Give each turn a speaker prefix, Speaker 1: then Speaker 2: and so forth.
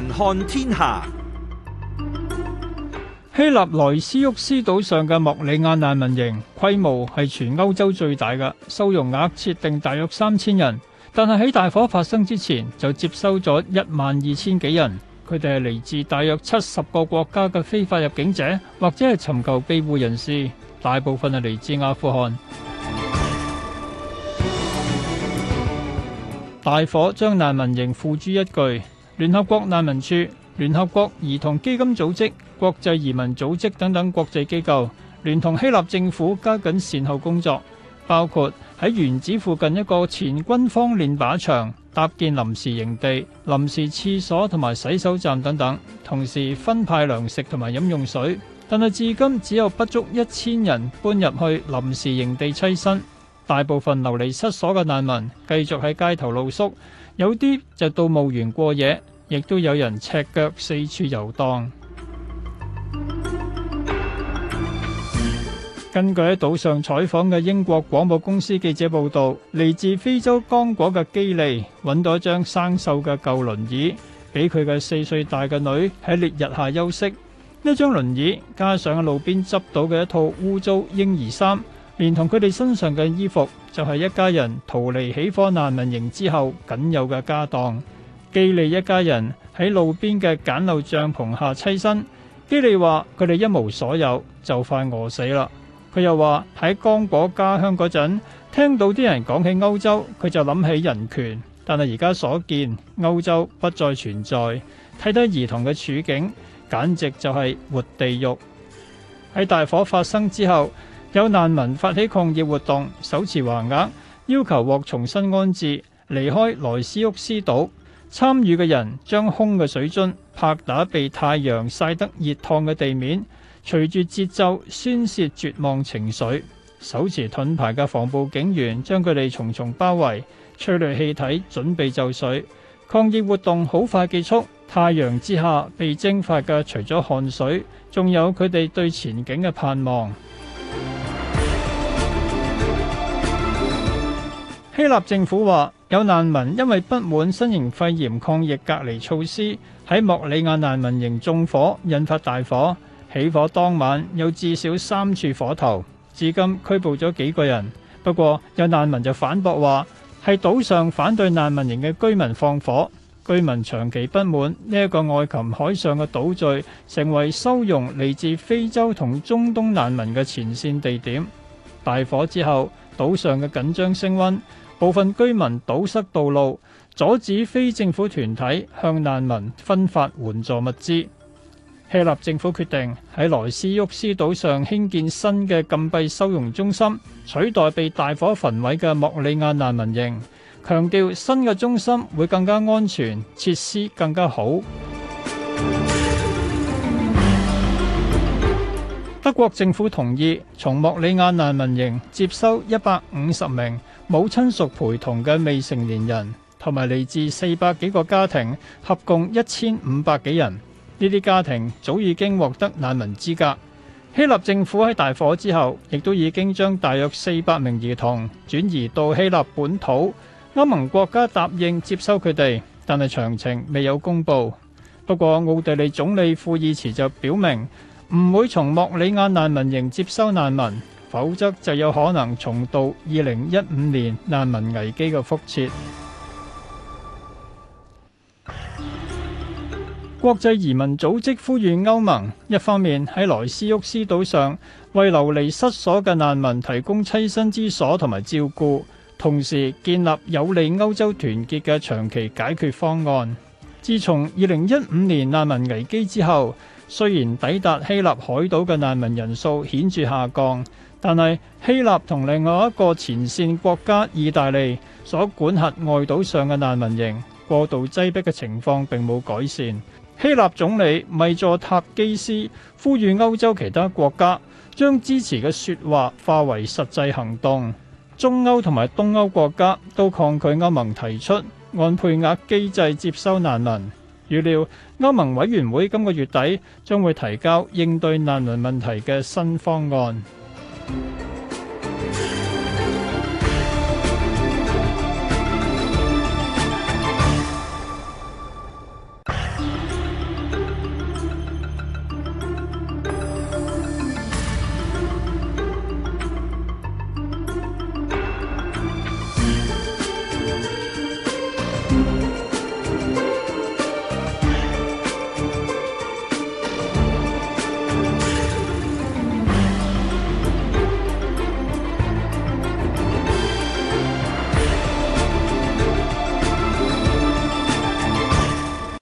Speaker 1: 環看天下，希臘萊斯沃斯島上嘅莫里亞難民營規模係全歐洲最大嘅，收容額設定大約三千人，但係喺大火發生之前就接收咗一萬二千幾人。佢哋係嚟自大約七十個國家嘅非法入境者或者係尋求庇護人士，大部分係嚟自阿富汗。大火將難民營付諸一炬。聯合國難民署、聯合國兒童基金組織、國際移民組織等等國際機構，聯同希臘政府加緊善後工作，包括喺原址附近一個前軍方練靶場搭建臨時營地、臨時廁所同埋洗手站等等，同時分派糧食同埋飲用水。但係至今只有不足一千人搬入去臨時營地棲身。大部分流離失所嘅難民繼續喺街頭露宿，有啲就到墓園過夜，亦都有人赤腳四處遊蕩。根據喺島上採訪嘅英國廣播公司記者報導，嚟自非洲剛果嘅基利揾到一張生鏽嘅舊輪椅，俾佢嘅四歲大嘅女喺烈日下休息。呢張輪椅加上路邊執到嘅一套污糟嬰兒衫。連同佢哋身上嘅衣服，就係一家人逃離起火難民營之後僅有嘅家當。基利一家人喺路邊嘅簡陋帳篷下棲身。基利話：佢哋一無所有，就快餓死啦。佢又話：喺剛果家鄉嗰陣，聽到啲人講起歐洲，佢就諗起人權。但係而家所見，歐洲不再存在。睇睇兒童嘅處境，簡直就係活地獄。喺大火發生之後。有難民發起抗議活動，手持橫額要求獲重新安置，離開萊斯沃斯島。參與嘅人將空嘅水樽拍打，被太陽曬得熱燙嘅地面，隨住節奏宣泄絕，絕望情緒。手持盾牌嘅防暴警員將佢哋重重包圍，催淚氣體準備就緒。抗議活動好快結束，太陽之下被蒸發嘅除咗汗水，仲有佢哋對前景嘅盼望。希臘政府話有難民因為不滿新型肺炎抗疫隔離措施，喺莫里亞難民營縱火，引發大火。起火當晚有至少三處火頭，至今拘捕咗幾個人。不過有難民就反駁話係島上反對難民營嘅居民放火，居民長期不滿呢一個愛琴海上嘅島嶼成為收容嚟自非洲同中東難民嘅前綫地點。大火之後，島上嘅緊張升温，部分居民堵塞道路，阻止非政府團體向難民分發援助物資。希臘政府決定喺萊斯沃斯島上興建新嘅禁閉收容中心，取代被大火焚毀嘅莫里亞難民營，強調新嘅中心會更加安全，設施更加好。德國政府同意從莫里亞難民營接收一百五十名無親屬陪同嘅未成年人，同埋嚟自四百幾個家庭，合共一千五百幾人。呢啲家庭早已經獲得難民資格。希臘政府喺大火之後，亦都已經將大約四百名兒童轉移到希臘本土。歐盟國家答應接收佢哋，但係詳情未有公布。不過奧地利總理庫爾茨就表明：唔會從莫里亞難民營接收難民，否則就有可能重蹈二零一五年難民危機嘅覆轍。國際移民組織呼籲歐盟，一方面喺萊斯沃斯島上為流離失所嘅難民提供棲身之所同埋照顧，同時建立有利歐洲團結嘅長期解決方案。自從二零一五年難民危機之後。雖然抵達希臘海島嘅難民人數顯著下降，但係希臘同另外一個前線國家意大利所管轄外島上嘅難民營過度擠迫嘅情況並冇改善。希臘總理米佐塔基斯呼籲歐洲其他國家將支持嘅説話化為實際行動。中歐同埋東歐國家都抗拒歐盟提出按配額機制接收難民。預料歐盟委員會今個月底將會提交應對難民問題嘅新方案。